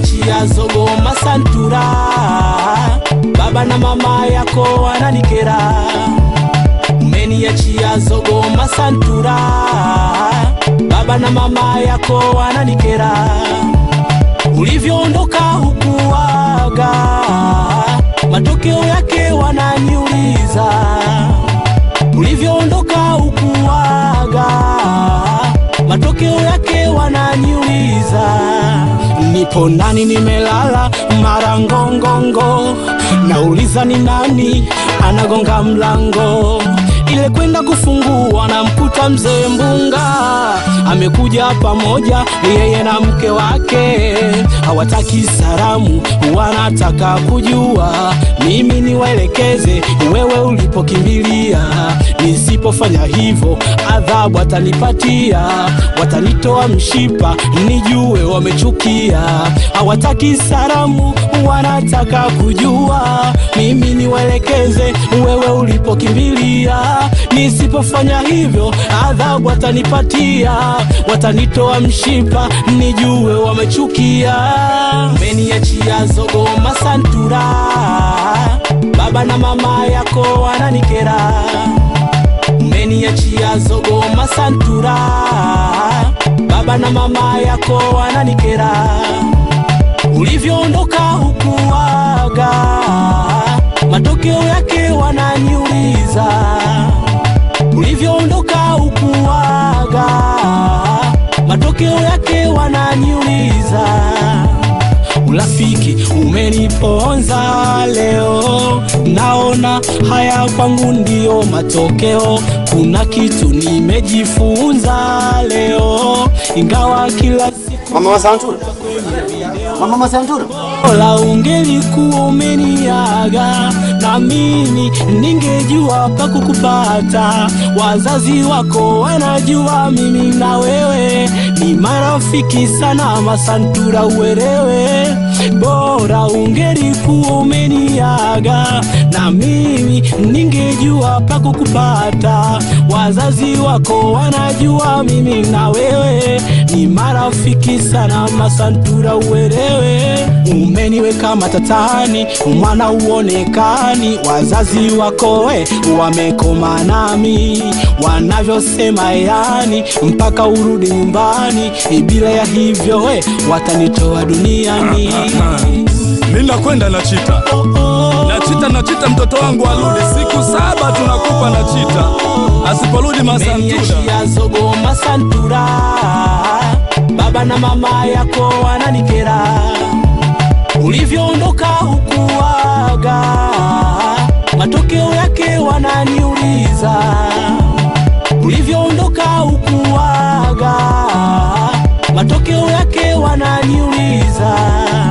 kwenye chia baba na mama yako wananikera. Umeniachia zogo masantura baba na mama yako wananikera. Ulivyoondoka hukuaga, matokeo yake wananiuliza. Ulivyoondoka hukuaga, matokeo yake wana nipo nani, nimelala mara ngongongo, nauliza ni nani anagonga mlango ile kwenda kufungua, namkuta mzee Mbunga amekuja pamoja, yeye na mke wake. Hawataki salamu, wanataka kujua mimi niwaelekeze wewe ulipokimbilia. Nisipofanya hivyo, adhabu atanipatia, watanitoa mshipa, nijue wamechukia hawataki salamu, wanataka kujua mimi niwaelekeze wewe ulipokimbilia. Nisipofanya hivyo adhabu watanipatia, watanitoa wa mshipa, nijue wamechukia. Meniachia zogo masantura, baba na mama yako wananikera. Meniachia zogo masantura, baba na mama yako wananikera ulivyoondoka hukuaga, matokeo yake wananiuliza, ulivyoondoka hukuaga, matokeo yake wananiuliza. Urafiki umeniponza leo, naona haya kwangu ndiyo matokeo. Kuna kitu nimejifunza leo, ingawa kila siku mama Mama Masanturo, la ungelikuwa umeniaga na mimi ningejua pa kukupata. Wazazi wako wanajua mimi na wewe ni marafiki sana, Masantura, uwelewe. Bora ungelikuwa umeniaga na mimi ningejua pa kukupata. Wazazi wako wanajua mimi na wewe si marafiki sana masantura uwelewe, umeniweka matatani, mwana uonekani, wazazi wakowe wamekoma nami, wanavyosema yani, mpaka urudi nyumbani, bila ya hivyo we watanitoa duniani. Mimi na chita nachita nachita, mtoto wangu arudi, siku saba tunakupa chita asiporudi masantura zogo masantura baba na mama yako wananikera, ulivyoondoka hukuaga, matokeo yake wananiuliza, ulivyoondoka hukuaga, matokeo yake wananiuliza